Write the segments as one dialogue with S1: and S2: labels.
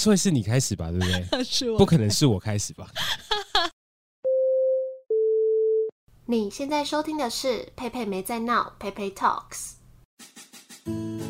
S1: 所以是你開始吧，對不對？ 不可能是我開始吧？
S2: 你現在收聽的是佩佩沒在鬧，佩佩 Talks。嗯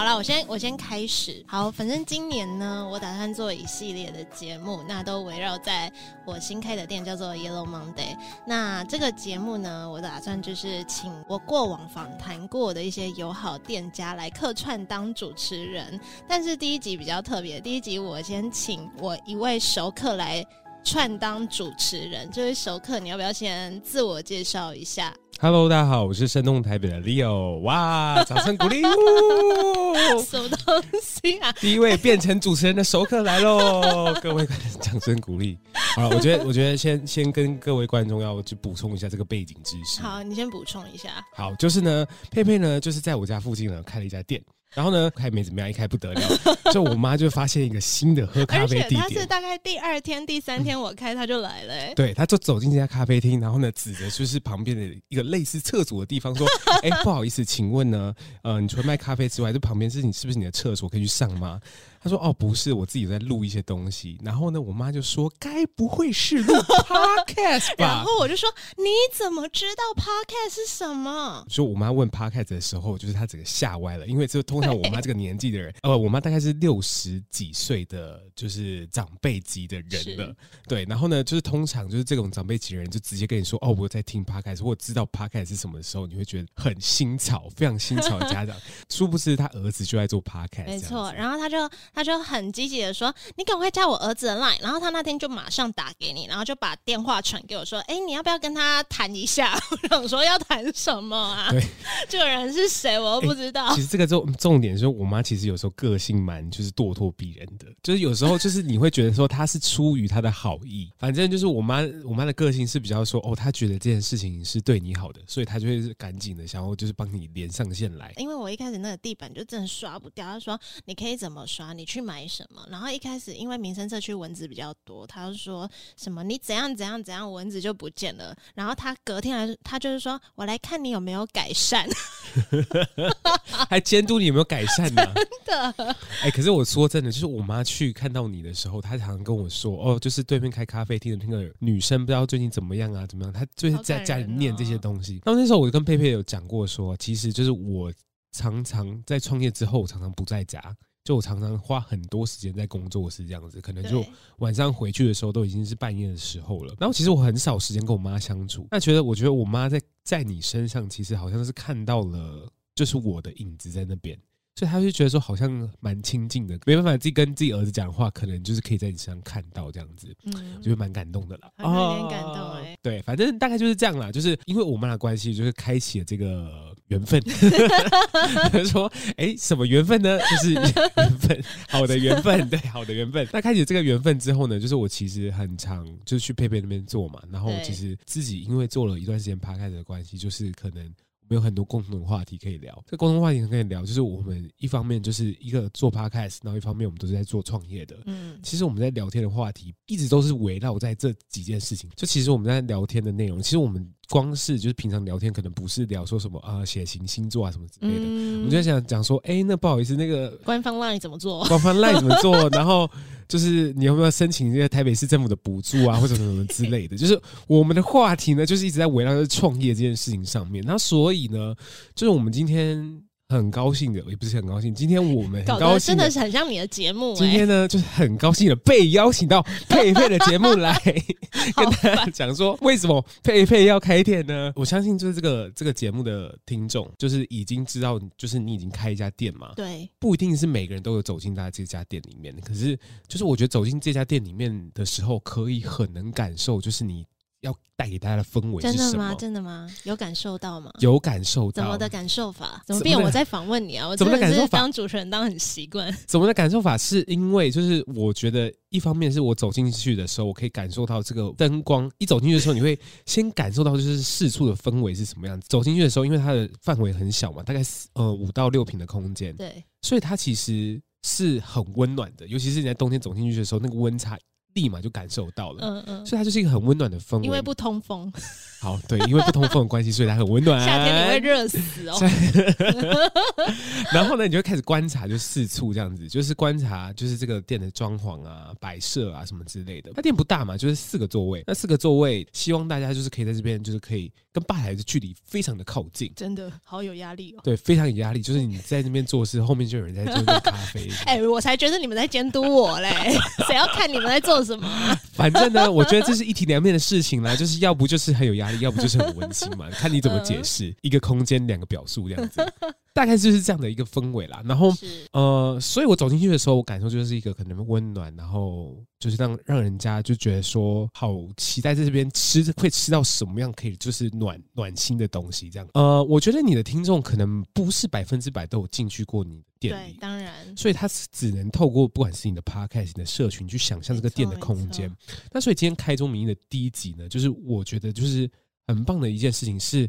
S2: 好啦，我先我先開始。好，反正今年呢，我打算做一系列的節目，那都圍繞在我新開的店叫做 Yellow Monday。那這個節目呢，我打算就是請我過往訪談過的一些友好店家來客串當主持人。但是第一集比較特別，第一集我先請我一位熟客來串當主持人，這位熟客你要不要先自我介紹一下？
S1: 哈嘍，Hello, 大家好，我是聲動台北的 Leo，哇，掌聲鼓勵！
S2: 嗚什麼東西
S1: 啊？第一位變成主持人的熟客來嘍，各位掌聲鼓勵。好，我覺得，我覺得先先跟各位觀眾要去補充一下這個背景知識。
S2: 好，你先補充一下。
S1: 好，就是呢，佩佩呢，就是在我家附近呢開了一家店。然後呢，開門怎麼樣，一開不得了，就我媽就發現一個新的喝咖啡地點。她是大
S2: 概第二天、第三天我開她、嗯、就來了、欸，
S1: 對，她就走進這家咖啡廳，然後呢，指着就是旁邊的一個類似廁所的地方說：“哎、欸，不好意思，請問呢，呃，你除了賣咖啡之外，這旁邊是你是不是你的廁所，可以去上嗎？”他說：“哦，不是，我自己在錄一些東西。然後呢，我媽就說：‘
S2: 該不會是錄 podcast 吧？’ 然後我就說：‘你怎麼知道 podcast 是什麼？’
S1: 所以，我媽問 podcast 的時候，就是她整個嚇歪了。因為就通常我媽這個年紀的人，對呃，我媽大概是六十幾歲的，就是長輩級的人了。是對，然後呢，就是通常就是這種長輩級的人，就直接跟你說：‘哦，我在聽 podcast，如果知道 podcast 是什麼。’的時候，你會覺得很新潮，非常新潮的家長， 殊不知他兒子就在做 podcast，
S2: 沒錯。然後他就。”他就很積極的說：“你趕快加我兒子的 line。”然後他那天就馬上打給你，然後就把電話傳給我，說：“哎、欸，你要不要跟他談一下？”我 說：“要談什麼啊？”對，這個人是誰我都不知道。欸、其實
S1: 這個重重點是，我媽其實有時候個性蠻就是咄咄逼人的，就是有時候就是你會覺得說她是出於她的好意， 反正就是我媽我媽的個性是比較說哦，她覺得這件事情是對你好的，所以她就會趕緊的想要就是幫你連上線來。
S2: 因為我一開始那個地板就真的刷不掉，她說：“你可以怎麼刷？”你。你去買什麼？然後一開始因為民生社區蚊子比較多，他就說什麼你怎樣怎樣怎樣，蚊子就不見了。然後他隔天來，他就是說，我來看你有沒有改善，
S1: 還監督你有沒有改善呢？啊，真的？哎、欸，可是我說真的，就是我媽去看到你的時候，她常常跟我說哦，就是對面開咖啡廳的那個女生，不知道最近怎麼樣啊？怎麼樣？她就是在家、哦、家裡念這些東西。那麼那時候我跟佩佩有講過說，說其實就是我常常在創業之後，我常常不在家。就我常常花很多時間在工作，是這樣子，可能就晚上回去的時候都已經是半夜的時候了。然後其實我很少時間跟我媽相處，那覺得我覺得我媽在、在你身上，其實好像是看到了，就是我的影子在那邊。所以他就覺得說好像蠻親近的，沒辦法自己跟自己兒子講話，可能就是可以在你身上看到這樣子，嗯，就會蠻感動的啦。欸、哦，有點感動，對，反正大概就是這樣啦。就是因為我們倆關係，就是開啟了這個緣分。 說哎、欸，什麼緣分呢？就是緣分，好的緣分，對，好的緣分。那開啟了這個緣分之後呢，就是我其實很常就去佩佩那邊做嘛，然後其實自己因為做了一段時間趴開的關係，就是可能。有很多共同的話題可以聊，這共同話題可以聊，就是我們一方面就是一個做 podcast，然後一方面我們都是在做創業的。嗯，其實我們在聊天的話題一直都是圍繞在這幾件事情，就其實我們在聊天的內容，其實我們。光是就是平常聊天，可能不是聊說什麼啊，血型星座啊什麼之類
S2: 的，嗯、我們就
S1: 想講說，哎、欸，那不好意思，那個
S2: 官方 Line 怎麼做？官方 Line 怎麼做？
S1: 然後就是你有沒有申請那個台北市政府的補助啊，或者什麼什麼之類的？對就是我們的話題呢，就是一直在圍繞着創業這件事情上面。那所以呢，就是我們今天。很高興的，也、欸、不是很高興。今天我們很高興的搞的，
S2: 真的是很像你的節目、欸。今天
S1: 呢，就是很高興的被邀請到佩佩的節目來， 跟大家講說為什麼佩佩要開店呢？煩我相信就是這個這個節目的聽眾，就是已經知道，就是你已經開一家店嘛。對，不一定是每個人都有走進大家這家店裡面，可是就是我覺得走進這家店裡面的時候，可以很能感受，就是你。要帶給大家的氛圍是什麼？真的嗎？
S2: 真的嗎？有感受到嗎？
S1: 有感受到。怎麼的
S2: 感受法？怎麼變？我在訪問你啊！我怎麼感受當主持人當很習慣？怎麼
S1: 的感受法？怎麼的感受法是因為就是我覺得一方面是我走進去的時候，我可以感受到這個燈光。一走進去的時候，你會先感受到就是四處的氛圍是什麼樣子。走進去的時候，因為它的範圍很小嘛，大概四，呃五到六坪的空間，對，所以它其實是很溫暖的。尤其是你在冬天走進去的時候，那個溫差。立馬就感受到了，嗯嗯，嗯，所以它就是一個很溫暖的氛圍。因為不通風，好對，因為不通風的關係，所以它很溫暖。 夏
S2: 天你會熱死哦。
S1: 然後呢，你就會開始觀察，就四處這樣子，就是觀察，就是這個店的裝潢啊、擺設啊什麼之類的。那店不大嘛，就是四個座位。那四個座位，希望大家就是可以在這邊，就是可以。跟吧台的距離非常的靠近，
S2: 真的好有壓力
S1: 哦。對，非常有壓力，就是你在那邊做事，後面就有人在做咖啡。
S2: 哎、 欸，我才覺得你們在監督我嘞，誰 要看你們在做什麼、啊？
S1: 反正呢，我覺得這是一體兩面的事情啦，就是要不就是很有壓力，要不就是很溫馨嘛，看你怎麼解釋， 一個空間兩個表述這樣子。大概就是這樣的一個氛圍啦，然後是呃，所以我走進去的時候，我感受就是一個可能溫暖，然後就是讓讓人家就覺得說，好期待在這邊吃，會吃到什麼樣可以就是暖暖心的東西這樣。呃，我覺得你的聽眾可能不是百分之百都有進去過你的店裡，對，當然，所以他只能透過不管是你的 p a c s，你的社群去想象這個店的空間。錯那所以今天開中名義的第一集呢，就是我覺得就是很棒的一件事情是。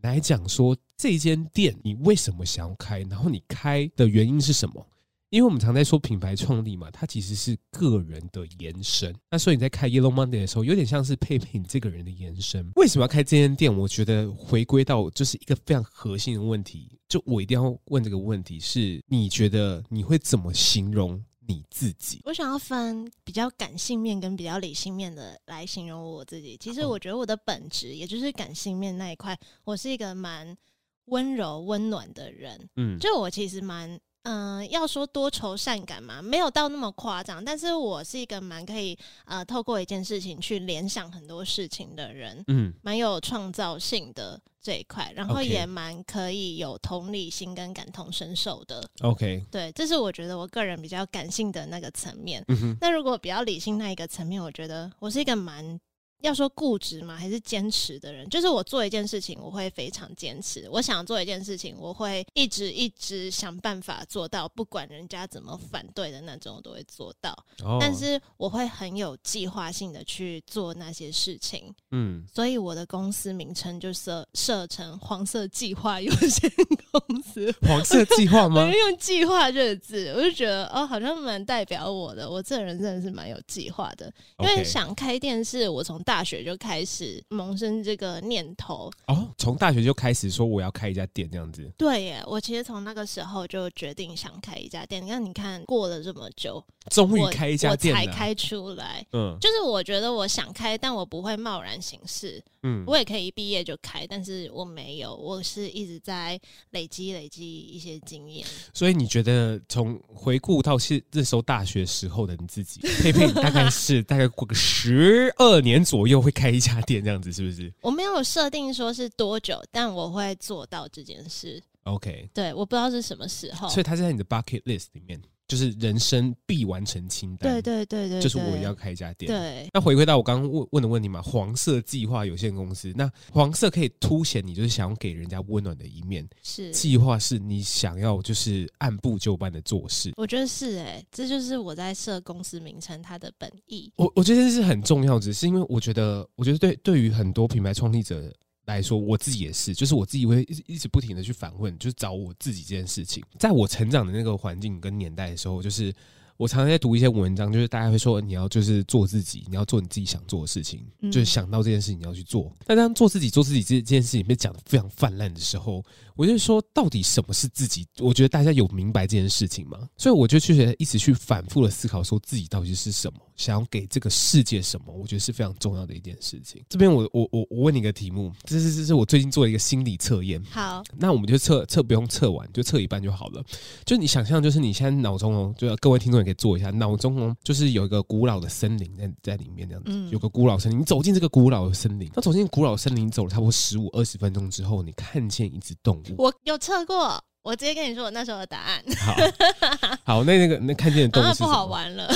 S1: 來講說，這間店你為什麼想要開，然後你開的原因是什麼？因為我們常在說品牌創立嘛，它其實是個人的延伸。那所以你在開 Yellow Monday 的時候，有點像是佩佩你這個人的延伸。為什麼要開這間店？我覺得回歸到就是一個非常核心的問題，就我一定要問這個問題是：是你覺得你會怎麼形容？你自己，
S2: 我想要分比較感性面跟比較理性面的來形容我自己。其實我覺得我的本質，也就是感性面那一塊，我是一個蠻溫柔溫暖的人。嗯，就我其實蠻。嗯、呃，要說多愁善感嘛，沒有到那麼誇張，但是我是一個蠻可以呃，透過一件事情去聯想很多事情的人，嗯，蠻有創造性的這一塊，然後也蠻可以有同理心跟感同身受的。OK，對，這是我覺得我個人比較感性的那個層面。嗯、哼那如果比較理性的那一個層面，我覺得我是一個蠻。要說固執嗎？還是堅持的人？就是我做一件事情，我會非常堅持。我想做一件事情，我會一直一直想辦法做到，不管人家怎麼反對的那種，我都會做到。哦、但是我會很有計劃性的去做那些事情。嗯，所以我的公司名稱就設設成“黃色計劃有限
S1: 公司”。黃色計劃嗎？我我
S2: 用“計劃”這字，我就覺得哦，好像蠻代表我的。我這人真的是蠻有計劃的，嗯、因為想開店是，我從大。大學就開始萌生這個念頭
S1: 哦，從大學就開始說我要開一家店這樣子。
S2: 對耶，我其實從那個時候就決定想開一家店。你看，你看，過了這麼久，終於開一家店了，啊，才開出來。嗯，就是我覺得我想開，但我不會貿然行事。嗯，我也可以一畢業就開，但是我沒有，我是一直在累積累積一些經驗。
S1: 所以你覺得從回顧到是那時候大學時候的你自己，佩佩大概是大概過個十二年左右。 我又會開一家店，這樣子是不是？
S2: 我沒有設定說是多久，但我會做到這件事。OK，對，我不知道是什麼時候，所以它
S1: 是在你的 bucket list 裡面。就是人生必完成清單，對對、對對
S2: 對對，就是我要開
S1: 一家店。對，那回歸到我剛剛問問的問題嘛，黃色計劃有限公司，那黃色可以凸顯你就是想要給人家溫暖的一面，是計劃是你想要就是按部就班的做事。
S2: 我覺得是、欸，誒，這就是我在設公司名稱它的本意。
S1: 我我覺得這是很重要的，只是因為我覺得，我覺得對對於很多品牌創立者。來說，我自己也是，就是我自己會一直不停的去反問，就是找我自己這件事情。在我成長的那個環境跟年代的時候，就是我常常在讀一些文章，就是大家會說，你要就是做自己，你要做你自己想做的事情，嗯、就是想到這件事情你要去做。但當做自己做自己這這件事情被講的非常泛濫的時候，我就是說，到底什麼是自己？我覺得大家有明白這件事情嗎？所以我就去學，一直去反覆的思考，說自己到底是什麼，想要給這個世界什麼？我覺得是非常重要的一件事情。這邊我我我我問你一個題目，這是這是我最近做一個心理測驗。好，那我們就測測，不用測完，就測一半就好了。就你想象，就是你現在腦中哦，就各位聽眾也可以做一下，腦中哦，就是有一個古老的森林在在裡面這樣子，嗯、有個古老森林。你走進這個古老的森林，那走進古老森林，走了差不多十五二十分鐘之後，你看見一只動物。
S2: 我有測過，我直接跟你說我那時候的答案。
S1: 好，好，那那個那看見的東西、啊、不好
S2: 玩了。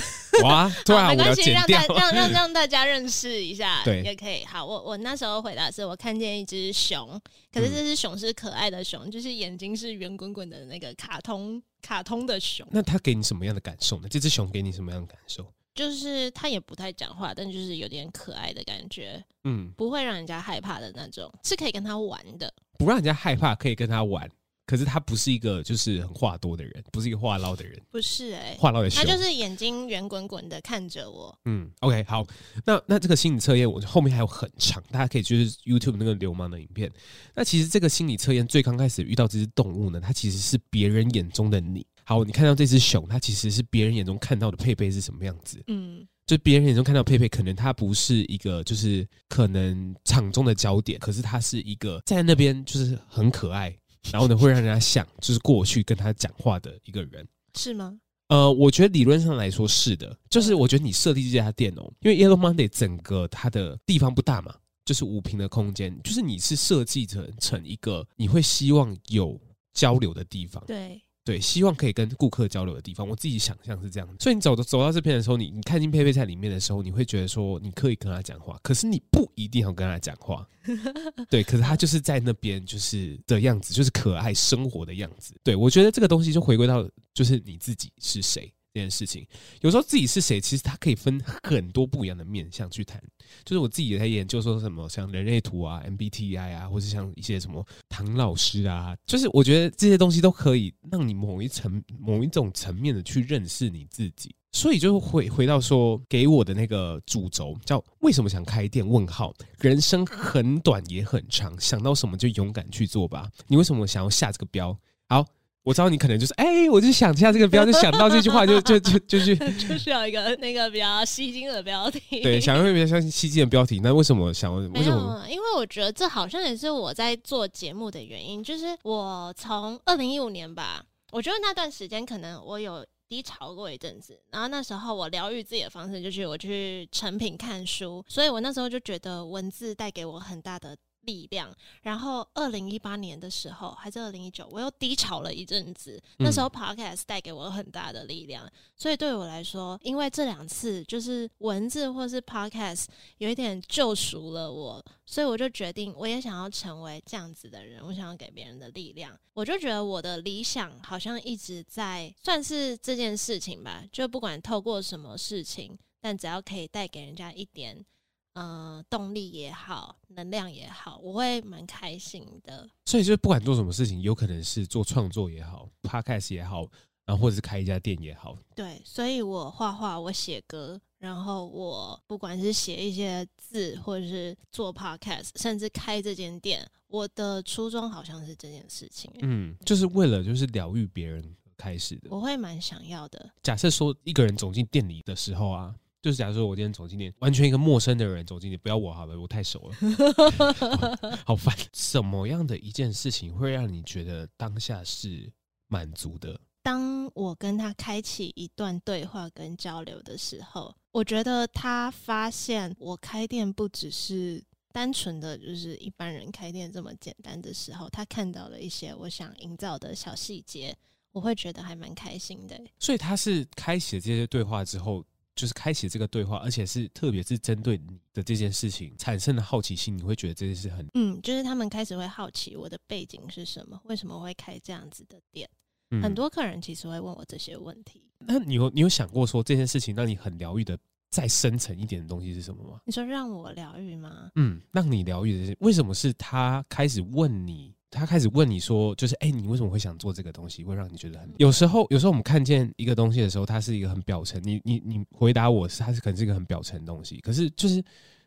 S1: 哇！對啊，啊好沒關係，讓讓讓讓
S2: 大家認識一下，對，也可以。好，我我那時候回答是我看見一隻熊，可是這隻熊是可愛的熊，嗯、就是眼睛是圓滾滾的那個卡通卡通的熊。那
S1: 它給你什麼樣的感受呢？這隻熊給你什麼樣的感受？
S2: 就是它也不太講話，但就是有點可愛的感覺，嗯，不會讓人家害怕的那種，是可以跟他玩的。
S1: 不讓人家害怕，可以跟他玩。可是他不是一個就是很話多的人，不是一個話嘮的人，
S2: 不是哎、欸，話嘮的熊，他就是眼睛圓滾滾的看着我。
S1: 嗯，OK，好，那那這個心理測驗，我後面還有很長，大家可以就是 YouTube 那個流氓的影片。那其實這個心理測驗最剛開始遇到這隻動物呢，它其實是別人眼中的你。好，你看到這隻熊，它其實是別人眼中看到的佩佩是什麼樣子？嗯。就別人眼中看到佩佩，可能他不是一個，就是可能場中的焦點，可是他是一個在那邊就是很可愛，然後呢會讓人家想就是過去跟他講話的一個人，是嗎？呃，我覺得理論上來說是的，就是我覺得你設立這家店哦、喔，因為 Yellow Monday 整個它的地方不大嘛，就是五坪的空間，就是你是設計成成一個你會希望有交流的地方，對。對，希望可以跟顧客交流的地方，我自己想象是這樣的。所以你走走到這邊的時候，你你看見佩佩在裡面的時候，你會覺得說你可以跟他講話，可是你不一定要跟他講話。 對，可是他就是在那邊，就是的樣子，就是可愛生活的樣子。對，我覺得這個東西就回歸到，就是你自己是誰。這件事情，有時候自己是誰，其實他可以分很多不一樣的面向去談。就是我自己也在研究，說什麼像人類圖啊、MBTI 啊，或是像一些什麼唐老師啊，就是我覺得這些東西都可以讓你某一層、某一種層面的去認識你自己。所以就會回回到說，給我的那個主軸叫“為什麼想開店？”問號。人生很短也很長，想到什麼就勇敢去做吧。你為什麼想要下這個標？好。我知道你可能就是，哎、欸，我就想一下這個標，就想到這句話，就就就就是，就，就，
S2: 就需要一個那個比較吸睛的標題。對，想
S1: 要比較像吸睛的標題。那為什麼想？
S2: 有為什麼？因為我覺得這好像也是我在做節目的原因，就是我從二零一五年吧，我覺得那段時間可能我有低潮過一陣子，然後那時候我療癒自己的方式就是我去誠品看書，所以我那時候就覺得文字帶給我很大的。力量。然後，二零一八年的時候，還是二零一九，我又低潮了一陣子。嗯、那時候，Podcast 帶給我很大的力量。所以，對我來說，因為這兩次就是文字或是 Podcast 有一點救贖了我，所以我就決定，我也想要成為這樣子的人。我想要給別人的力量。我就覺得我的理想好像一直在算是這件事情吧。就不管透過什麼事情，但只要可以帶給人家一點。呃，動力也好，能量也好，我會蠻開心的。
S1: 所以就是不管做什麼事情，有可能是做創作也好，podcast 也好，然後或者是開一家店也好。
S2: 對，所以我畫畫，我寫歌，然後我不管是寫一些字，或者是做 podcast，甚至開這間店，我的初衷好像是這件事情啊，嗯，對對
S1: 就是為了就是療癒別人開始的。我
S2: 會蠻想要的。
S1: 假設說一個人走進店裡的時候啊。就是假如說我今天走進店，完全一個陌生的人走進店，不要我好了，我太熟了， 好煩。什麼樣的一件事情會讓你覺得當下是滿足的？
S2: 當我跟他開啟一段對話跟交流的時候，我覺得他發現我開店不只是單純的就是一般人開店這麼簡單的時候，他看到了一些我想營造的小細節，我會覺得還蠻開心的。
S1: 所以他是開啟了這些對話之後。就是開啟這個對話，而且是特別是針對你的這件事情產生的好奇心，你會覺得這件事很嗯，
S2: 就是他們開始會好奇我的背景是什麼，為什麼會開這樣子的店？嗯、很多客人其實會問我這些問題。
S1: 那你有你有想過說這件事情讓你很療癒的再深層一點的東西是什麼嗎？
S2: 你說讓我療癒嗎？
S1: 嗯，讓你療癒的是，為什麼是他開始問你？他開始問你說，就是哎、欸，你為什麼會想做這個東西？會讓你覺得很，有時候，有時候我們看見一個東西的時候，它是一個很表層。你你你回答我是，它是可能是一個很表層的東西。可是就是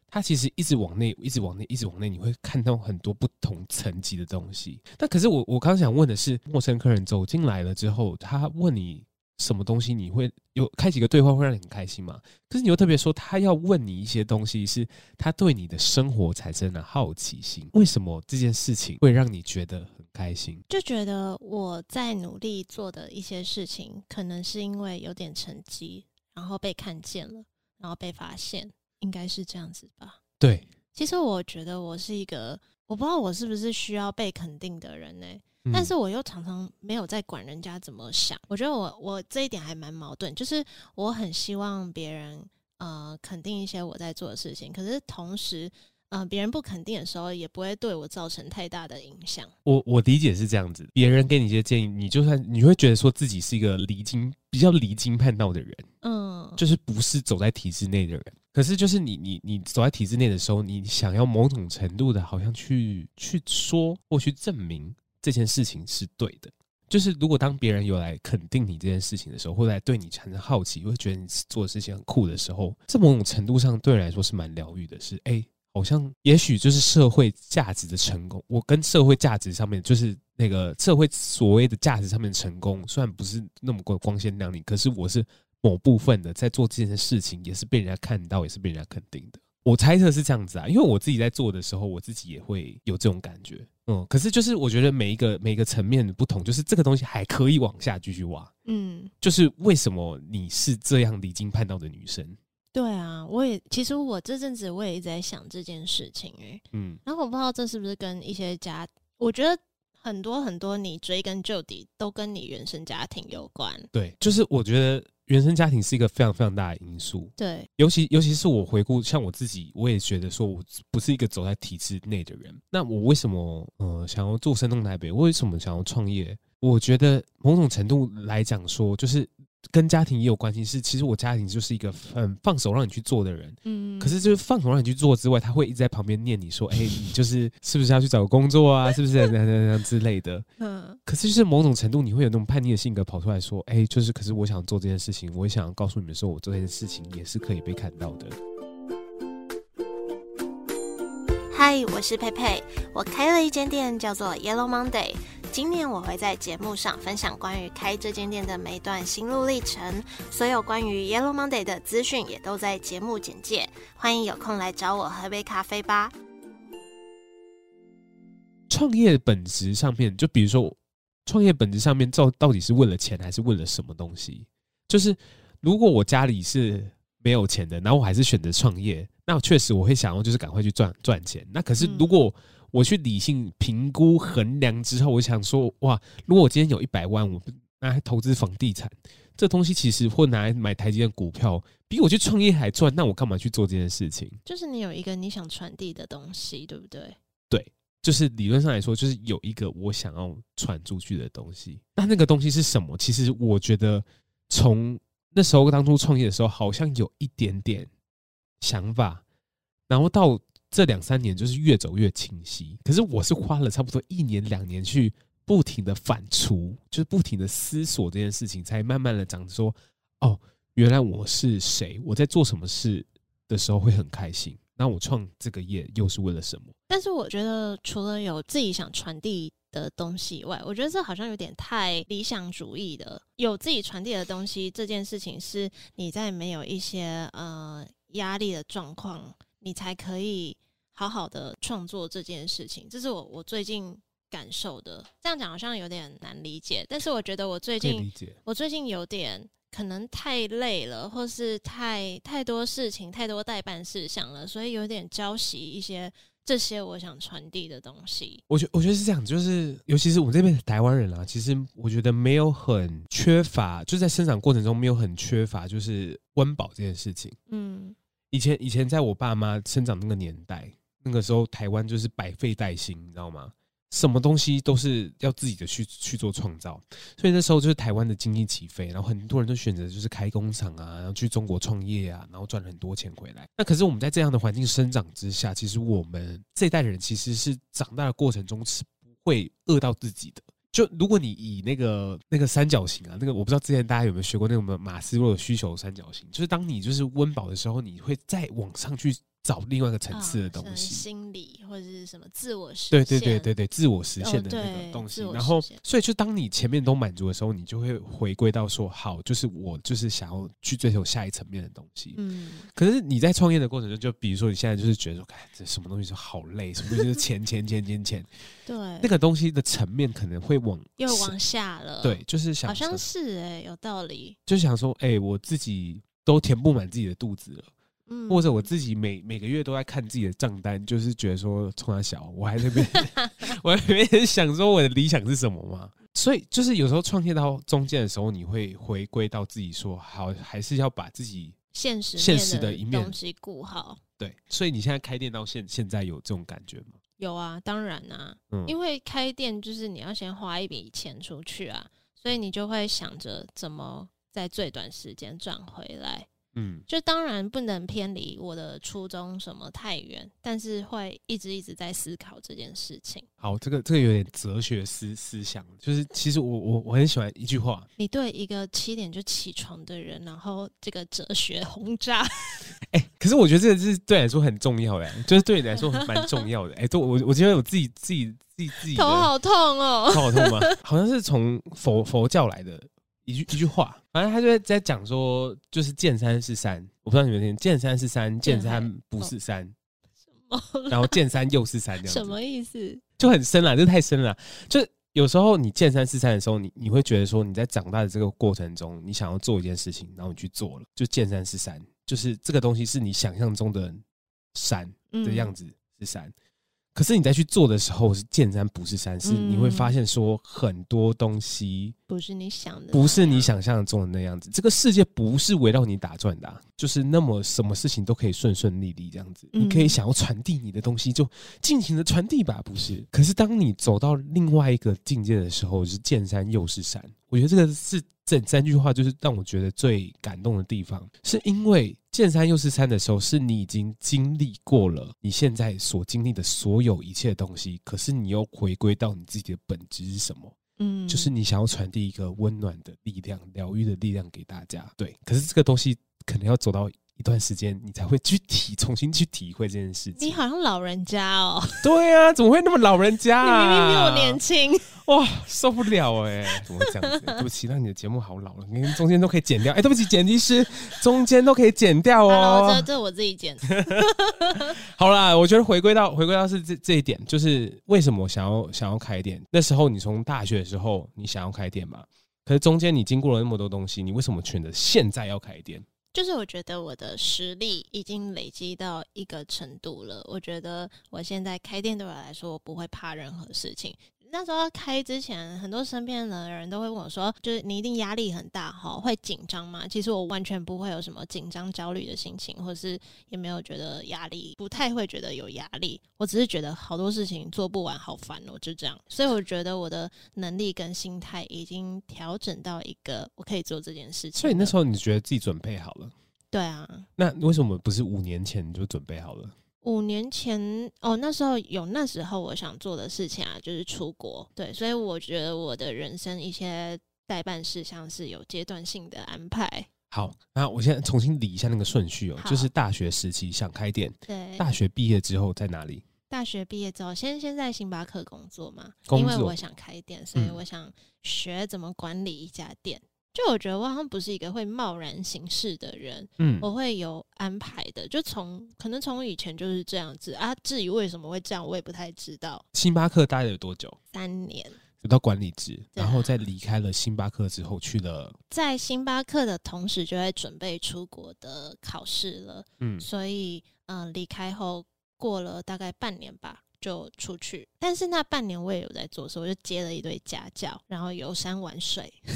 S1: 它其實一直往內，一直往內，一直往內，你會看到很多不同層級的東西。但可是我我剛想問的是，陌生客人走進來了之後，他問你。什麼東西你會有開幾個對話會讓你很開心嗎？可是你又特別說他要問你一些東西，是他對你的生活產生了好奇心。為什麼這件事情會讓你覺得很開心？
S2: 就覺得我在努力做的一些事情，可能是因為有點成績，然後被看見了，然後被發現，應該是這樣子吧？對，其實我覺得我是一個，我不知道我是不是需要被肯定的人呢、欸。但是我又常常沒有在管人家怎麼想，我覺得我我這一點還蠻矛盾，就是我很希望別人呃肯定一些我在做的事情，可是同時呃別人不肯定的時候，也不會對我造成太大的影響。
S1: 我我理解是這樣子，別人給你一些建議，你就算你會覺得說自己是一個離經比較離經叛道的人，嗯，就是不是走在體制內的人。可是就是你你你走在體制內的時候，你想要某種程度的，好像去去說或去證明。這件事情是對的，就是如果當別人有來肯定你這件事情的時候，或者來對你產生好奇，會覺得你做的事情很酷的時候，這某種程度上對人來說是蠻療癒的，是、欸。是哎，好像也許就是社會價值的成功，我跟社會價值上面就是那個社會所謂的價值上面的成功，雖然不是那麼光光鮮亮麗，可是我是某部分的在做這件事情，也是被人家看到，也是被人家肯定的。我猜測是這樣子啊，因為我自己在做的時候，我自己也會有這種感覺。嗯，可是就是我覺得每一個每一個層面的不同，就是這個東西還可以往下繼續挖。嗯，就是為什麼你是這樣離經叛道的女生？
S2: 對啊，我也其實我這陣子我也一直在想這件事情，哎，嗯，然後我不知道這是不是跟一些家，我覺得很多很多你追根究底都跟你原生家庭有關。
S1: 對，就是我覺得。原生家庭是一個非常非常大的因素，對，尤其尤其是我回顧，像我自己，我也覺得說，我不是一個走在體制內的人。那我為什麼，呃，想要做聲動台北？為什麼想要創業？我覺得某種程度來講說，就是。跟家庭也有關係，是其實我家庭就是一個很、嗯、放手讓你去做的人，嗯，可是就是放手讓你去做之外，他會一直在旁邊念你說，哎、嗯欸，你就是是不是要去找工作啊？ 是不是那那那之類的，嗯，可是就是某種程度你會有那種叛逆的性格跑出來說，哎、欸，就是可是我想做這件事情，我也想要告訴你們說，我做這件事情也是可以被看到的。
S2: 嗨，我是佩佩，我開了一間店叫做 Yellow Monday。今年我會在節目上分享關於開這間店的每一段心路歷程。所有關於 Yellow Monday 的資訊也都在節目簡介。歡迎有空來找我喝杯咖啡吧。
S1: 創業本質上面，就比如說創業本質上面，到到底是為了錢還是為了什麼東西？就是如果我家裡是沒有錢的，然後我還是選擇創業，那我確實我會想要就是趕快去賺賺錢。那可是如果、嗯我去理性評估衡量之後，我想說，哇，如果我今天有一百萬，我拿來投資房地產，這東西其實或拿來買台積電股票，比我去創業還賺，那我幹嘛去做這件事情？
S2: 就是你有一個你想傳遞的東西，對不對？
S1: 對，就是理論上來說，就是有一個我想要傳出去的東西。那那個東西是什麼？其實我覺得，從那時候當初創業的時候，好像有一點點想法，然後到。這兩三年就是越走越清晰，可是我是花了差不多一年兩年去不停的反芻，就是不停的思索這件事情，才慢慢的講說，哦，原來我是誰，我在做什麼事的時候會很開心，那我創這個業又是為了什麼？
S2: 但是我覺得除了有自己想傳遞的東西以外，我覺得這好像有點太理想主義的。有自己傳遞的東西，這件事情是你在沒有一些呃壓力的狀況。你才可以好好的創作這件事情，這是我我最近感受的。這樣講好像有點難理解，但是我覺得我最近，最我最近有點可能太累了，或是太太多事情，太多待辦事項了，所以有點澆熄一些這些我想傳遞的東西。
S1: 我覺我覺得是這樣，就是尤其是我們這邊台灣人啊，其實我覺得沒有很缺乏，就在生長過程中沒有很缺乏，就是溫飽這件事情，嗯。以前以前在我爸媽生長那個年代，那個時候台灣就是百廢待興，你知道嗎？什麼東西都是要自己的去去做創造，所以那時候就是台灣的經濟起飛，然後很多人都選擇就是開工廠啊，然後去中國創業啊，然後賺很多錢回來。那可是我們在這樣的環境生長之下，其實我們這代人其實是長大的過程中是不會餓到自己的。就如果你以那個那個三角形啊，那個我不知道之前大家有沒有學過那個馬斯洛的需求三角形，就是當你就是溫飽的時候，你會再往上去。找另外一個層次的東西，啊、
S2: 像是心理或者是什麼自我實現，對對對對對，自我實現的那個東西。Oh, 對然後，
S1: 所以就當你前面都滿足的時候，你就會回歸到說，好，就是我就是想要去追求下一層面的東西。嗯、可是你在創業的過程中，就比如說你現在就是覺得說，哎、呃，這什麼東西是好累，什麼東西是錢錢錢錢錢， 對，那個東西的層面可能會往下又往
S2: 下了。對，
S1: 就是想說好
S2: 像是哎、欸，有道理。
S1: 就想說，哎、欸，我自己都填不滿自己的肚子了。或者我自己每，每個月都在看自己的賬單，就是覺得說從小，我還在那邊， 我還沒想說我的理想是什麼嘛。所以就是有時候創業到中間的時候，你會回歸到自己說，好，還是要把自己現實現實的一面，現實面的東西顧好。對，所以你現在開店到現現在有這種感覺嗎？
S2: 有啊，當然啊。嗯，因為開店就是你要先花一筆錢出去啊，所以你就會想着怎麼在最短時間賺回來。嗯，就當然不能偏離我的初衷什麼太遠，但是會一直一直在思考這件事情。
S1: 好，這個這個有點哲學思思想，就是其實我我我很喜歡一句話。
S2: 你對一個七點就起床的人，然後這個哲學轟炸。哎、
S1: 欸，可是我覺得這個是對你來說很重要的、啊，就是對你來說很蠻重要的。哎、欸，我我我覺得我自己自己自己自己頭好
S2: 痛哦，頭好痛嗎？
S1: 好像是從佛佛教來的。一句一句話，反正他就在講說，就是見山是山，我不知道你們聽見，見山是山，見山不是山，什麼對？然後見山又是山這
S2: 樣， 什麼
S1: 意思？就很深啦，這太深了。就有時候你見山是山的時候，你你會覺得說，你在長大的這個過程中，你想要做一件事情，然後你去做了，就見山是山，就是這個東西是你想象中的山的樣子是山，嗯、可是你在去做的時候是見山不是山，是你會發現說很多東西。
S2: 不是你想的，不是
S1: 你想象中的那樣子。這個世界不是圍繞你打轉的、啊，就是那麼什麼事情都可以順順利利這樣子。你可以想要傳遞你的東西，就盡情的傳遞吧，不是？可是當你走到另外一個境界的時候，是見山又是山。我覺得這個是這三句話，就是讓我覺得最感動的地方，是因為見山又是山的時候，是你已經經歷過了你現在所經歷的所有一切的東西，可是你又回歸到你自己的本質是什麼？嗯，就是你想要傳遞一個溫暖的力量、療癒的力量給大家，對。可是這個東西可能要走到。一段時間，你才會去體重新去體會這件事
S2: 情。你好像老人家哦？對啊，怎麼會那麼老人家啊？你明明比我年輕，哇，受不了
S1: 哎，欸！怎麼會這樣子，欸？對不起，讓你的節目好老了，你中間都可以剪掉。哎，欸，對不起，剪輯師，中間都可以剪掉哦。Hello，這
S2: 這我自己剪的。
S1: 好啦，我覺得回歸到回歸到是這這一點，就是為什麼想要想要開店？那時候你從大學的時候，你想要開店嘛？可是中間你經過了那麼多東西，你為什麼選擇現在要開店？
S2: 就是我覺得我的實力已經累積到一個程度了，我覺得我現在開店對我來說，我不會怕任何事情。那時候開之前，很多身邊的人都會問我說：“就是你一定壓力很大哈，會緊張嗎？”其實我完全不會有什麼緊張、焦慮的心情，或者是也沒有覺得壓力，不太會覺得有壓力。我只是覺得好多事情做不完好煩喔，我就這樣。所以我覺得我的能力跟心態已經調整到一個我可以做這件事情。所以
S1: 那時候你覺得自己準備好了？對啊。那為什麼不是五年前你就準備好了？
S2: 五年前哦，那時候有那時候我想做的事情啊，就是出國。對，所以我覺得我的人生一些待辦事項是有階段性的安排。
S1: 好，那我現在重新理一下那個順序哦，對，就是大學時期想開店，對，好，大學畢業之後在哪裡？
S2: 大學畢業之後，先先在星巴克工作嘛，工資，因為我想開店，所以我想學怎麼管理一家店。嗯就我覺得我好像不是一個會貿然行事的人，嗯，我會有安排的。就從可能從以前就是這樣子啊，至於為什麼會這樣，我也不太知道。
S1: 星巴克待了有多久？三年，有到管理職，啊、然後在離開了星巴克之後去了。
S2: 在星巴克的同時，就在準備出國的考試了，嗯，所以嗯，離、呃、開後過了大概半年吧，就出去。但是那半年我也有在做事，所以我就接了一堆家教，然後遊山玩水。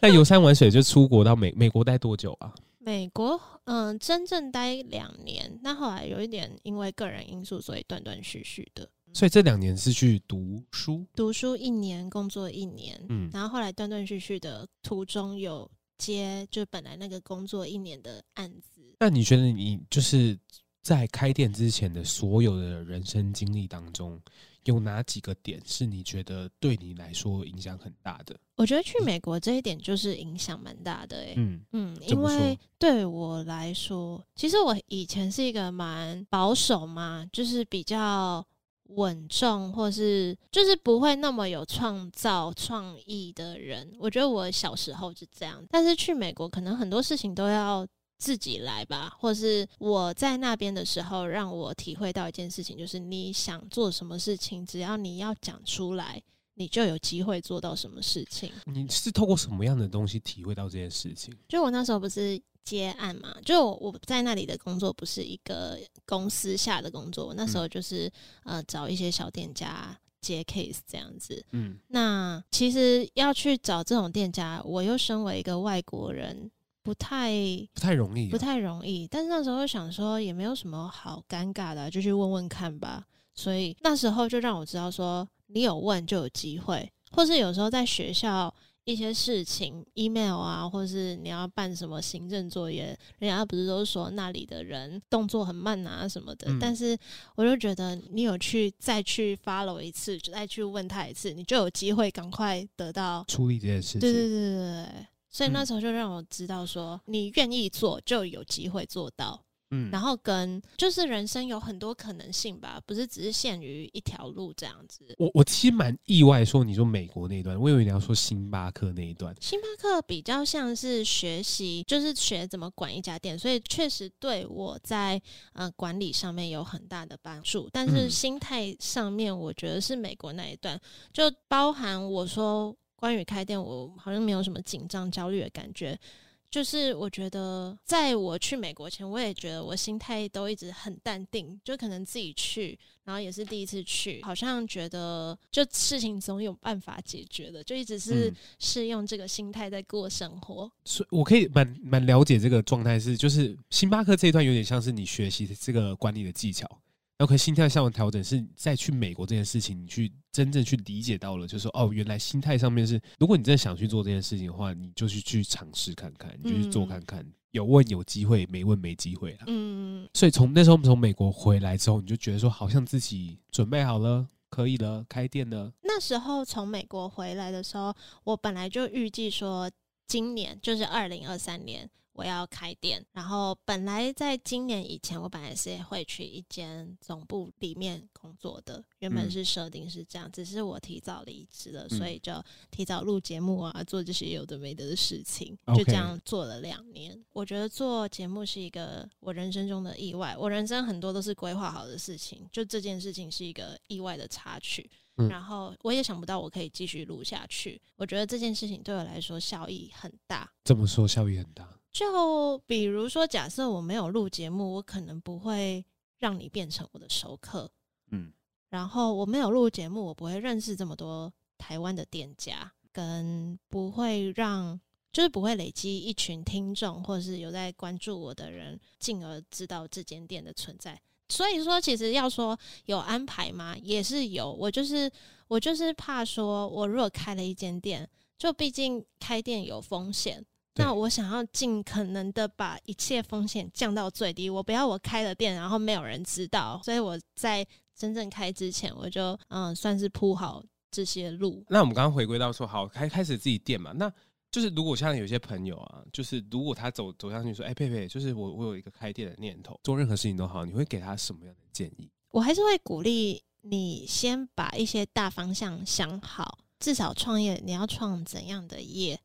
S1: 那遊 山玩水就出國到美美國待多久啊？
S2: 美國嗯、呃，真正待兩年。那後來有一點，因為個人因素，所以斷斷續續的。
S1: 所以這兩年是去讀書，
S2: 讀書一年，工作一年，嗯，然後後來斷斷續續的，途中有接，就本來那個工作一年的案
S1: 子。那你覺得你就是在開店之前的所有的人生經歷當中，有哪幾個點是你覺得對你來說影響很大的？
S2: 我覺得去美國這一點就是影響蠻大的，欸，嗯嗯，嗯，因為對我來說，其實我以前是一個蠻保守嘛，就是比較穩重，或是就是不會那麼有創造創意的人。我覺得我小時候是這樣，但是去美國可能很多事情都要。自己來吧，或是我在那邊的時候，讓我體會到一件事情，就是你想做什麼事情，只要你要講出來，你就有機會做到什麼事情。
S1: 你是透過什麼樣的東西體會到這件事情？
S2: 就我那時候不是接案嘛，就我在那裡的工作不是一個公司下的工作，我那時候就是，嗯，呃找一些小店家接 case 這樣子。嗯，那其實要去找這種店家，我又身為一個外國人。不太，不太
S1: 容易啊，不太
S2: 容易。但是那時候想說也沒有什麼好尷尬的啊，就去問問看吧。所以那時候就讓我知道說，你有問就有機會。或是有時候在學校一些事情，email 啊，或是你要辦什麼行政作業，人家不是都說那裡的人動作很慢啊什麼的。嗯，但是我就覺得你有去再去 follow 一次，再去問他一次，你就有機會趕快得到處理這件事情。對，對對對對。所以那時候就讓我知道，說你願意做就有機會做到，嗯，然後跟就是人生有很多可能性吧，不是只是限於一條路這樣子我。我我
S1: 其實蠻意外，說你說美國那一段，我以為你要說星巴克那一段。星
S2: 巴克比較像是學習，就是學怎麼管一家店，所以確實對我在呃管理上面有很大的幫助。但是心態上面，我覺得是美國那一段，就包含我說。關於開店，我好像沒有什麼緊張、焦慮的感覺。就是我覺得，在我去美國前，我也覺得我心態都一直很淡定，就可能自己去，然後也是第一次去，好像覺得就事情總有辦法解決的，就一直是是用這個心態在過生活，嗯。
S1: 所以我可以蠻蠻了解這個狀態，是就是星巴克這一段有點像是你學習的這個管理的技巧。OK，心態上的調整是在去美國這件事情，你去真正去理解到了，就是說哦，原來心態上面是，如果你真的想去做這件事情的話，你就去去嘗試看看，你就去做看看，嗯、有問有機會，沒問沒機會啦。嗯，所以從那時候我們從美國回來之後，你就覺得說，好像自己準備好了，可以了，開店了。
S2: 那時候從美國回來的時候，我本來就預計說，今年就是二零二三年。我要開店，然後本來在今年以前，我本來是會去一間總部裡面工作的，原本是設定是這樣，只是我提早離職了，所以就提早錄節目啊，做這些有的沒的事情，就這樣做了兩年。Okay 我覺得做節目是一個我人生中的意外，我人生很多都是規劃好的事情，就這件事情是一個意外的插曲。嗯、然後我也想不到我可以繼續錄下去，我覺得這件事情對我來說效益很大。
S1: 這麼說效益很大。
S2: 就比如說，假設我沒有錄節目，我可能不會讓你變成我的熟客，嗯，然後我沒有錄節目，我不會認識這麼多台灣的店家，跟不會讓就是不會累積一群聽眾，或者是有在關注我的人，進而知道這間店的存在。所以說，其實要說有安排嗎？也是有，我就是我就是怕說，我如果開了一間店，就畢竟開店有風險。那我想要盡可能的把一切風險降到最低，我不要我開了店然後沒有人知道，所以我在真正開之前，我就嗯，算是鋪好這些路。
S1: 那我們剛剛回歸到說，好開開始自己店嘛。那就是如果像有些朋友啊，就是如果他走走向去說，哎佩佩，就是我我有一個開店的念頭，做任何事情都好，你會給他什麼樣的建議？
S2: 我還是會鼓勵你先把一些大方向想好，至少創業你要創怎樣的業。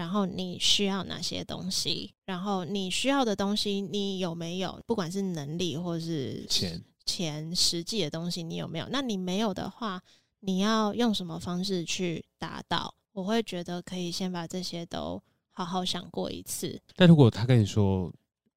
S2: 然後你需要哪些東西？然後你需要的東西，你有沒有？不管是能力或是錢錢實際的東西，你有沒有？那你沒有的話，你要用什麼方式去達到？我會覺得可以先把這些都好好想過一次。
S1: 但如果他跟你說，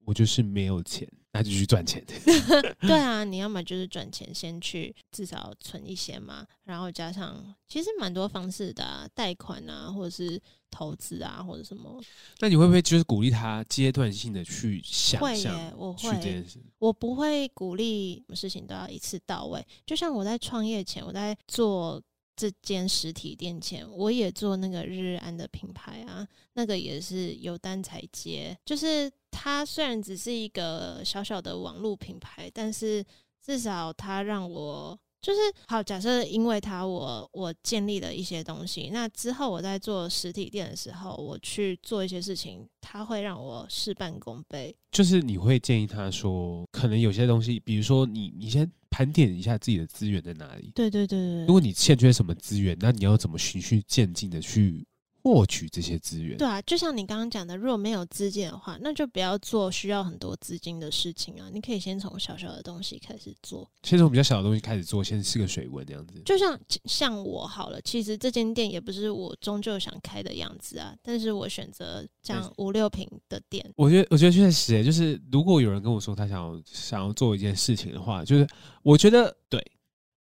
S1: 我就是沒有錢。那就去
S2: 賺錢。 對啊，你要麼就是賺錢，先去至少存一些嘛，然後加上其實蠻多方式的，啊，貸款啊，或者是投資啊，或者什麼。
S1: 那你會不會就是鼓勵他階段性的去想象我
S2: 會，我不會鼓勵什麼事情都要一次到位。就像我在創業前，我在做這間實體店前，我也做那個日安的品牌啊，那個也是有單才接，就是。它雖然只是一個小小的網絡品牌，但是至少它讓我就是好。假設因為它我我建立了一些東西，那之後我在做實體店的時候，我去做一些事情，它會讓我事半功倍。
S1: 就是你會建議他說，可能有些東西，比如說你你先盤點一下自己的資源在哪裡。對
S2: 對對對，如果你
S1: 欠缺什麼資源，那你要怎麼循序漸進的去？獲取這些資源，對啊，
S2: 就像你剛剛講的，如果沒有資金的話，那就不要做需要很多資金的事情啊。你可以先從小小的東西開始做，
S1: 先從比較小的東西開始做，先試個水溫這樣子。
S2: 就像像我好了，其實這間店也不是我終究想開的樣子啊，但是我選擇這樣五六坪的店。
S1: 我覺得，我覺得確實、欸，就是如果有人跟我說他想要想要做一件事情的話，就是我覺得對，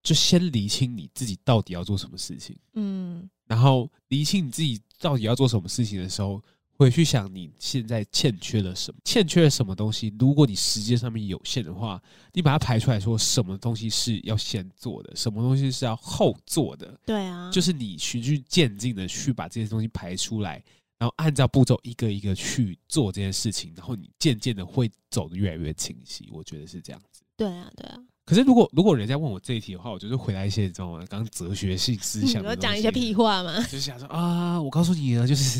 S1: 就先釐清你自己到底要做什麼事情。嗯。然後理清你自己到底要做什麼事情的時候，回去想你現在欠缺了什麼，欠缺了什麼東西。如果你時間上面有限的話，你把它排出來說，什麼東西是要先做的，什麼東西是要後做的。對啊，就是你循序漸進的去把這些東西排出來，然後按照步驟一個一個去做這件事情，然後你漸漸的會走得越來越清晰。我覺得是這樣子。
S2: 對啊，對啊。
S1: 可是如果如果人家問我這一題的話，我就是回答一些，你知道嗎？剛哲學性思想，多講一些屁
S2: 話嘛。就
S1: 想說啊，我告訴你呢、啊，就是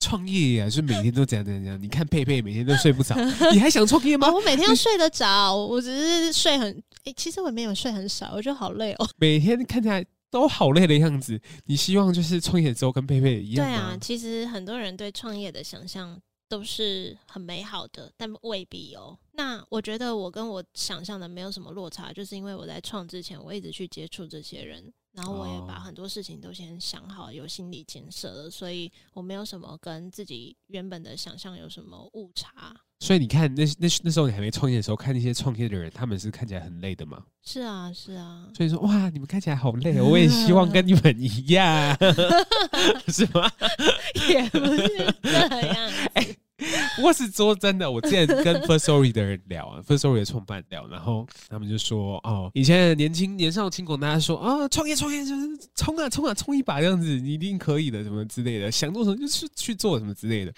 S1: 創 業啊，就是每天都這樣這樣這樣。你看佩佩每天都睡不着，
S2: 你還想創業嗎、哦？我每天要睡得着，我只是睡很、欸，其實我沒有睡很少，我覺得好累哦。
S1: 每天看起來都好累的樣子，你希望就是創業的時候跟佩佩一樣？對啊，
S2: 其實很多人對創業的想象。都是很美好的，但未必哦。那我覺得我跟我想象的沒有什麼落差，就是因為我在創之前，我一直去接觸這些人，然後我也把很多事情都先想好，有心理建設了，所以我沒有什麼跟自己原本的想象有什麼誤差。
S1: 所以你看，那那那時候你還沒創業的時候，看那些創業的人，他們是看起來很累的嗎？
S2: 是啊，是啊。所以說，
S1: 哇，你們看起來好累，我也希望跟你們一樣， 是嗎？也不是。對我是說真的，我之前跟 Firstory 的人聊啊 ，Firstory 的創辦聊，然後他們就說：“哦，以前年輕年少輕狂，大家說啊、哦，創業創業就是衝啊衝啊衝一把這樣子，你一定可以的，什麼之類的，想做什麼就去去做什麼之類的。”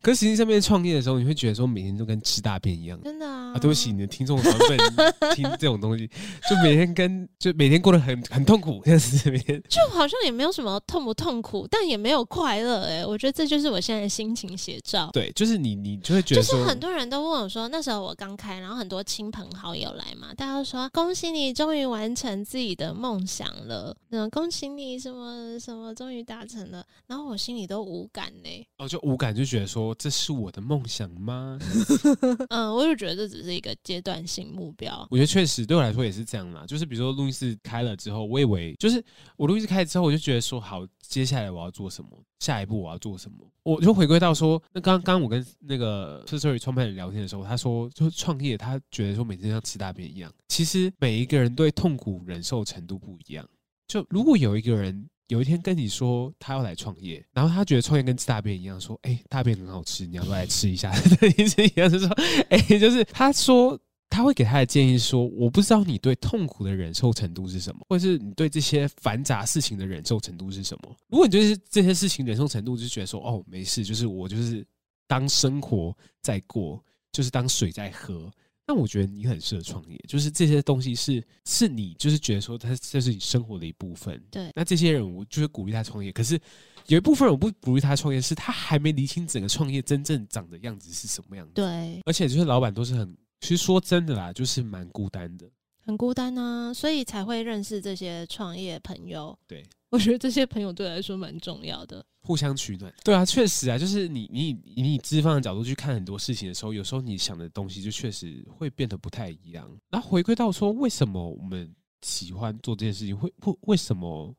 S1: 可是實際上面創業的時候，你會覺得說每天都跟吃大便一樣，真的啊,啊！對不起，你的聽眾版 聽這種東西，就每天跟就每天過得很很痛苦。現在是每天
S2: 就好像也沒有什麼痛不痛苦，但也沒有快樂哎、欸，我覺得這就是我現在的心情寫照。對，就是你你就會覺得，就是很多人都問我說那時候我剛開，然後很多親朋好友來嘛，大家都說恭喜你終於完成自己的夢想了，那、嗯、恭喜你什麼什麼終於達成了，然後我心裡都無感嘞、欸，
S1: 哦，就無感就覺得說。這是我的夢想嗎？
S2: 嗯，我就覺得這只是一個階段性目標。
S1: 我覺得確實對我來說也是這樣啦。就是比如說，錄音室開了之後，我以為就是我錄音室開了之後，我就覺得說好，接下來我要做什麼，下一步我要做什麼。我就回歸到說，那剛剛我跟那個 Firstory 創辦人聊天的時候，他說，就創業，他覺得說每天像吃大便一樣。其實每一個人對痛苦忍受程度不一樣。就如果有一個人。有一天跟你說他要來創業，然後他覺得創業跟吃大便一樣，說，說、欸、哎大便很好吃，你要不要來吃一下？意思也是說，哎、欸，就是他說他會給他的建議說，我不知道你對痛苦的忍受程度是什麼，或者是你對這些繁雜事情的忍受程度是什麼？如果你就是這些事情忍受程度，就覺得說哦沒事，就是我就是當生活在過，就是當水在喝。那我覺得你很適合創業，就是這些東西是是你，就是覺得說他這是你生活的一部分。對，那這些人我就是鼓勵他創業，可是有一部分人我不鼓勵他創業，是他還沒理清整個創業真正長的樣子是什麼樣子。對，而且就是老闆都是很，其實說真的啦，就是蠻孤單的。
S2: 很孤單呢、啊，所以才會認識這些創業朋友。對，我覺得這些朋友對我來說蠻重要的，
S1: 互相取暖。對啊，確實啊，就是你你你以資方的角度去看很多事情的時候，有時候你想的東西就確實會變得不太一樣。那回歸到說，為什麼我們喜歡做這件事情？會會為什麼？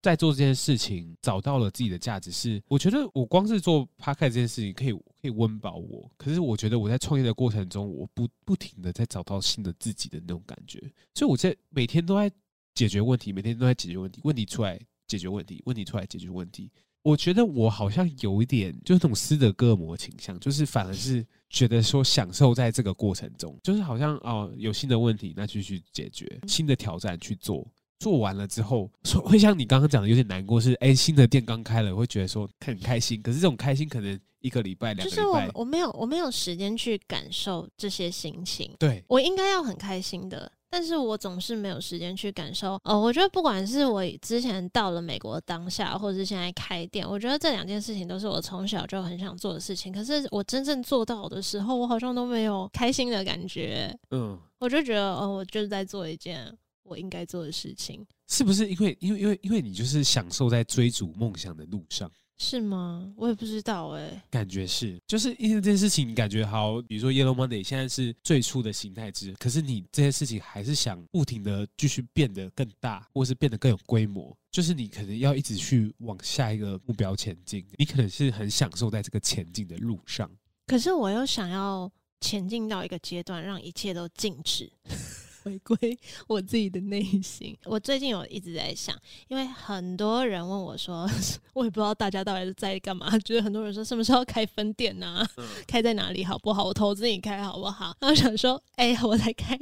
S1: 在做這件事情，找到了自己的價值。是我覺得，我光是做 podcast 這件事情，可以可以溫飽我。可是，我覺得我，我，我，覺得我在創業的過程中，我不不停的在找到新的自己的那種感覺。所以，我在每天都在解決問題，每天都在解決問題，問題出來解決問題，問題出來解決問題。我覺得我好像有一點，就是那種斯德哥爾摩傾向，就是反而是覺得說享受在這個過程中，就是好像哦，有新的問題，那繼續解決新的挑戰去做。做完了之後，說會像你剛剛講的有點難過，是誒，新的店剛開了，會覺得說很開心，可是這種開心可能一個禮拜、兩個禮拜，就是
S2: 我我沒有我沒有時間去感受這些心情。對。我應該要很開心的，但是我總是沒有時間去感受。哦，我覺得不管是我之前到了美國的當下，或者是現在開店，我覺得這兩件事情都是我從小就很想做的事情。可是我真正做到的時候，我好像都沒有開心的感覺。嗯，我就覺得哦，我就是在做一件。我應該做的事情，
S1: 是不是因為因為因為因為你就是享受在追逐夢想的路上
S2: 是嗎？我也不知道哎、欸，
S1: 感覺是，就是因為這件事情你感覺好，比如說 Yellow Monday 現在是最初的形態之，可是你這件事情還是想不停的繼續變得更大，或是變得更有規模，就是你可能要一直去往下一個目標前進，你可能是很享受在這個前進的路上，
S2: 可是我又想要前進到一個階段，讓一切都靜止。 回歸我自己的內心，我最近有一直在想，因為很多人問我說，我也不知道大家到底是在幹嘛。覺得很多人說什麼時候開分店吶、啊？嗯、開在哪裡好不好？我投資你開好不好？然後想說，哎、欸，我才開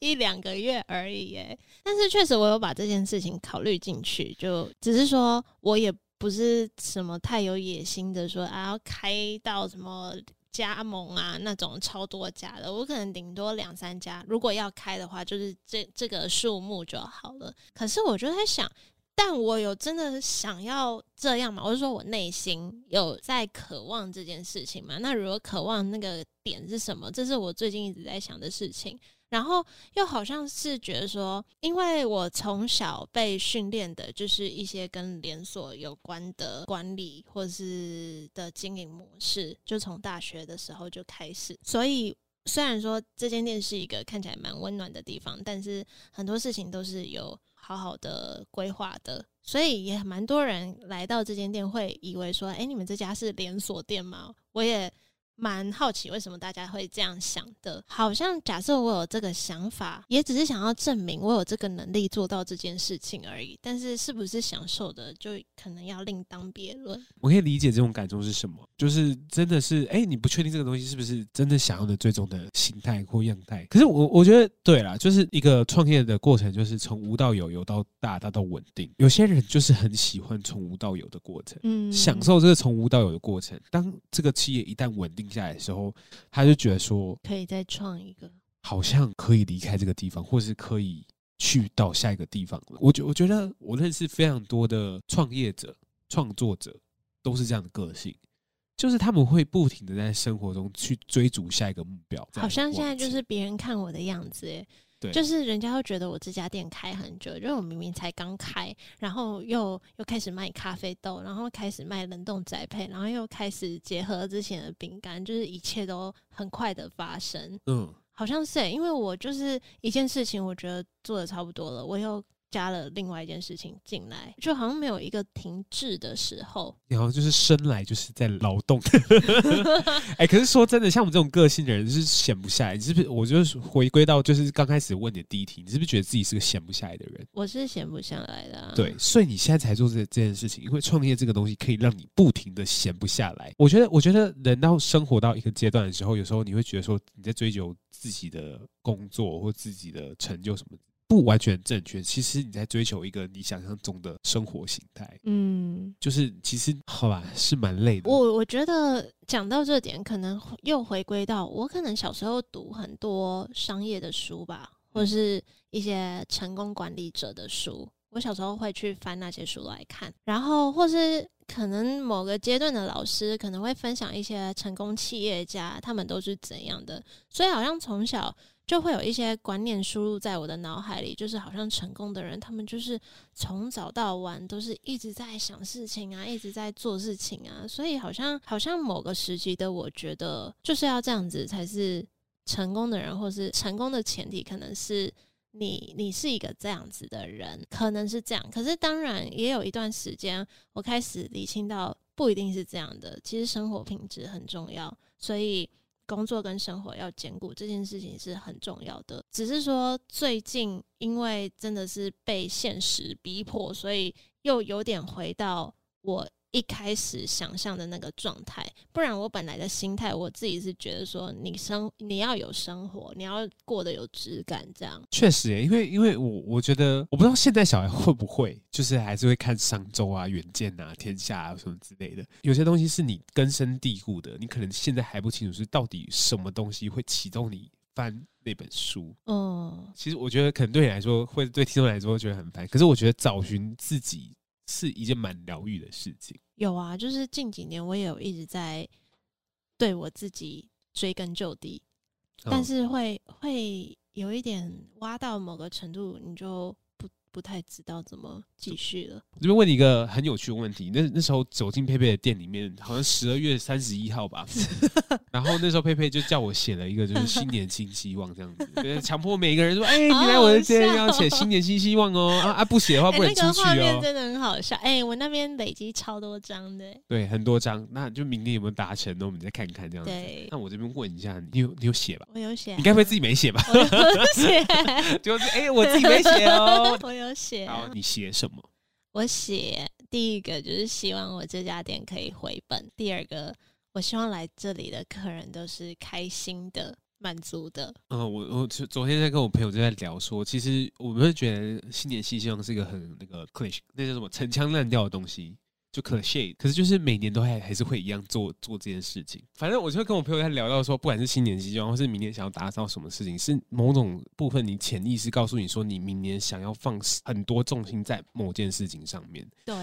S2: 一兩個月而已耶，但是確實我有把這件事情考慮進去，就只是說我也不是什麼太有野心的說，說啊要開到什麼。加盟啊，那種超多家的，我可能頂多兩三家。如果要開的話，就是這這個數目就好了。可是我就在想，但我有真的想要這樣嗎？我是說，我內心有在渴望這件事情嗎？那如果渴望那個點是什麼？這是我最近一直在想的事情。然後又好像是覺得說，因為我從小被訓練的就是一些跟連鎖有關的管理或是的經營模式，就從大學的時候就開始。所以雖然說這間店是一個看起來蠻溫暖的地方，但是很多事情都是有好好的規劃的，所以也蠻多人來到這間店會以為說，誒，你們這家是連鎖店嗎？我也。蠻好奇為什麼大家會這樣想的？好像假設我有這個想法，也只是想要證明我有這個能力做到這件事情而已。但是是不是享受的，就可能要另當別論。
S1: 我可以理解這種感受是什麼，就是真的是哎、欸，你不確定這個東西是不是真的想要的最終的形態或樣態。可是我我覺得對啦，就是一個創業的過程，就是從無到有，有到大，大到穩定。有些人就是很喜歡從無到有的過程，嗯，享受這個從無到有的過程。當這個企業一旦穩定，停下來的時候，他就覺得說
S2: 可以再創一個，
S1: 好像可以離開這個地方，或是可以去到下一個地方了。我我覺我覺得，我認識非常多的創業者、創作者，都是這樣的個性，就是他們會不停地在生活中去追逐下一個目標。好像現在就是
S2: 別人看我的樣子，欸。就是人家會覺得我這家店開很久，因為我明明才剛開，然後又又開始賣咖啡豆，然後開始賣冷凍宅配，然後又開始結合之前的餅乾，就是一切都很快的發生。嗯，好像是、欸，因為我就是一件事情，我覺得做的差不多了，我又。加了另外一件事情進來，就好像沒有一個停滯的時候。
S1: 你好像就是生來就是在勞動。哎 欸，可是說真的，像我們這種個性的人，就是閒不下來。你是不是？我就回歸到就是剛開始問你的第一題，你是不是覺得自己是個閒不下來的人？
S2: 我是閒不下來的啊。對，
S1: 所以你現在才做這這件事情，因為創業這個東西可以讓你不停的閒不下來。我覺得，我覺得人到生活到一個階段的時候，有時候你會覺得說你在追求自己的工作或自己的成就什麼。不完全正確，其實你在追求一個你想象中的生活形態，
S2: 嗯，
S1: 就是其實好吧，是蠻累的。
S2: 我我覺得講到這點，可能又回歸到我可能小時候讀很多商業的書吧，或是一些成功管理者的書，我小時候會去翻那些書來看，然後或是可能某個階段的老師可能會分享一些成功企業家，他們都是怎樣的，所以好像從小。就會有一些觀念輸入在我的腦海裡，就是好像成功的人，他們就是從早到晚都是一直在想事情啊，一直在做事情啊，所以好像好像某個時期的我覺得就是要這樣子才是成功的人，或是成功的前提可能是你你是一個這樣子的人，可能是這樣。可是當然也有一段時間，我開始理清到不一定是這樣的，其實生活品質很重要，所以。工作跟生活要兼顧，這件事情是很重要的。只是說，最近因為真的是被現實逼迫，所以又有點回到我，一開始想象的那個狀態，不然我本來的心態，我自己是覺得說，你生你要有生活，你要過得有質感，這樣。
S1: 確實耶，因為因為我我覺得，我不知道現在小孩會不會，就是還是會看《商周》啊、《遠見》啊、《天下》啊什麼之類的。有些東西是你根深蒂固的，你可能現在還不清楚是到底什麼東西會啟動你翻那本書。嗯
S2: ，oh.
S1: 其實我覺得可能對你來說，會對聽眾來說會覺得很煩。可是我覺得找尋自己是一件蠻療癒的事情。
S2: 有啊，就是近幾年我也有一直在對我自己追根究底，哦、但是會會有一點挖，到某個程度，你就。不太知道怎麼繼續了。
S1: 我這邊問你一個很有趣的問題，那那時候走進佩佩的店裡面，好像十二月三十一號吧。 然後那時候佩佩就叫我寫了一個，就是新年新希望這樣子，強 迫每一個人說：“哎、欸，你來我的店要寫、喔、新年新希望哦、喔、啊不寫的話不准出去哦、喔。欸”那個，
S2: 真的很好笑。哎、欸，我那邊累積超多張的，
S1: 對，很多張。那就明天有沒有達成呢，喔？我們再看看這樣子。對那我這邊問一下，你有你有寫吧？我有寫，啊。你該不會自己沒寫吧？沒寫。 就是哎、欸，我自己沒寫哦、喔。 我寫、啊，然後你寫什麼？
S2: 我寫第一個就是希望我這家店可以回本，第二個我希望來這裡的客人都是開心的、滿足的。
S1: 嗯，我我昨昨天在跟我朋友在聊說，其實我們覺得新年新希望是一個很那個 cliché 那叫什麼陳腔濫調的東西。就可能累、嗯、可是就是每年都還還是會一樣做做這件事情。反正我就會跟我朋友在聊到說，不管是新年期間，或是明年想要打造什麼事情，是某種部分你潛意識告訴你說，你明年想要放很多重心在某件事情上面。對，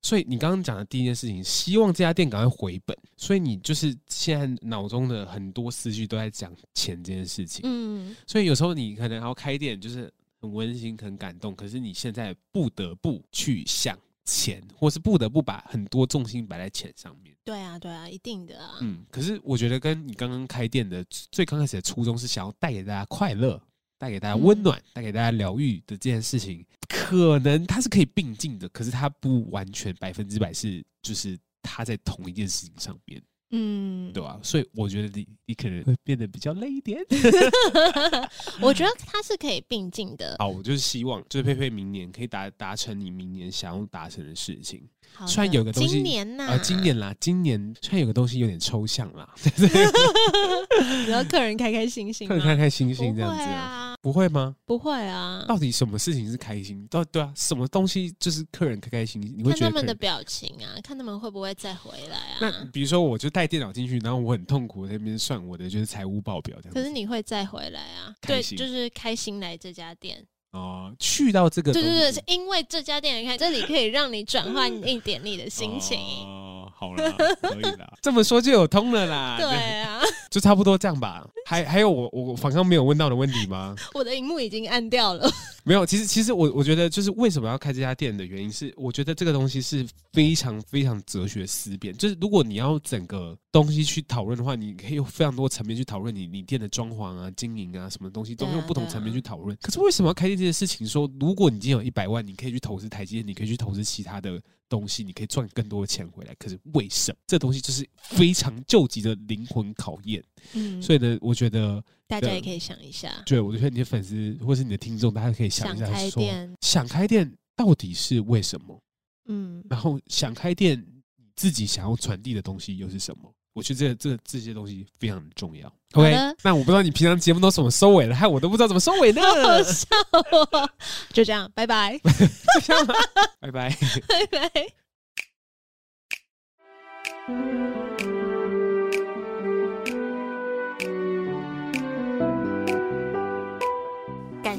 S1: 所以你剛剛講的第一件事情，希望這家店趕快回本，所以你就是現在腦中的很多思緒都在講錢這件事情。嗯，所以有時候你可能還要開店，就是很溫馨、很感動，可是你現在不得不去想，錢，或是不得不把很多重心擺在錢上面。
S2: 對啊，對啊，一定的
S1: 啊。嗯，可是我覺得跟你剛剛開店的最剛開始的初衷是想要帶給大家快樂，帶給大家溫暖，帶、嗯、給大家療癒的這件事情，可能它是可以並進的。可是它不完全百分之百是，就是它在同一件事情上面。嗯，對吧、啊？所以我覺得你你可能會變得比較累一點。
S2: 我覺得它是可以並進的。
S1: 好，我就是希望就是佩佩明年可以達達成你明年想要達成的事情。好的雖然有個東西，今年啦、啊呃，今年啦，今年雖然有個東西有點抽象啦，
S2: 只 要客人開開心心，客人開
S1: 開心心這樣子、啊。不會嗎？
S2: 不會啊！到
S1: 底什麼事情是開心？對對啊，什麼東西就是客人開開心？你會覺得？看他們的
S2: 表情啊，看他們會不會再回來啊？那
S1: 比如說，我就帶電腦進去，然後我很痛苦在那邊算我的就是財務報表的，這
S2: 樣子。可是你會再回來啊？開心。對，就是開心來這家店。哦，
S1: 去到這個對對對，
S2: 是因為這家店你看這裡可以讓你轉換一點你的心情 哦，
S1: 好啦可以啦 這麼說就有通了啦。對啊，就差不多這樣吧。還還有我我我剛剛沒有問到的問題嗎？
S2: 我的熒幕已經暗掉了。
S1: 沒有，其實其實我我覺得就是為什麼要開這家店的原因是，我覺得這個東西是非常非常哲學思辨。就是如果你要整個東西去討論的話，你可以有非常多層面去討論你你店的裝潢啊、經營啊什麼東西，都用不同層面去討論。Yeah, yeah. 可是為什麼要開這件事情說？說如果你已經有一百萬，你可以去投資台積電，你可以去投資其他的東西，你可以賺更多的錢回來。可是為什麼這東西就是非常究極的靈魂考驗？嗯，
S2: 所以
S1: 呢，我。覺得大家也可
S2: 以想一下，對，
S1: 我就覺得你的粉絲或是你的聽眾，嗯，大家可以想一下說，想開店，想開店到底是為什麼？嗯，然後想開店自己想要傳遞的東西又是什麼？我覺得這這這些東西非常的重要。OK，好的，那我不知道你平常節目都怎麼收尾了，害我都不知道怎麼收尾那個。好笑喔， 就
S2: 這樣，拜拜，拜拜。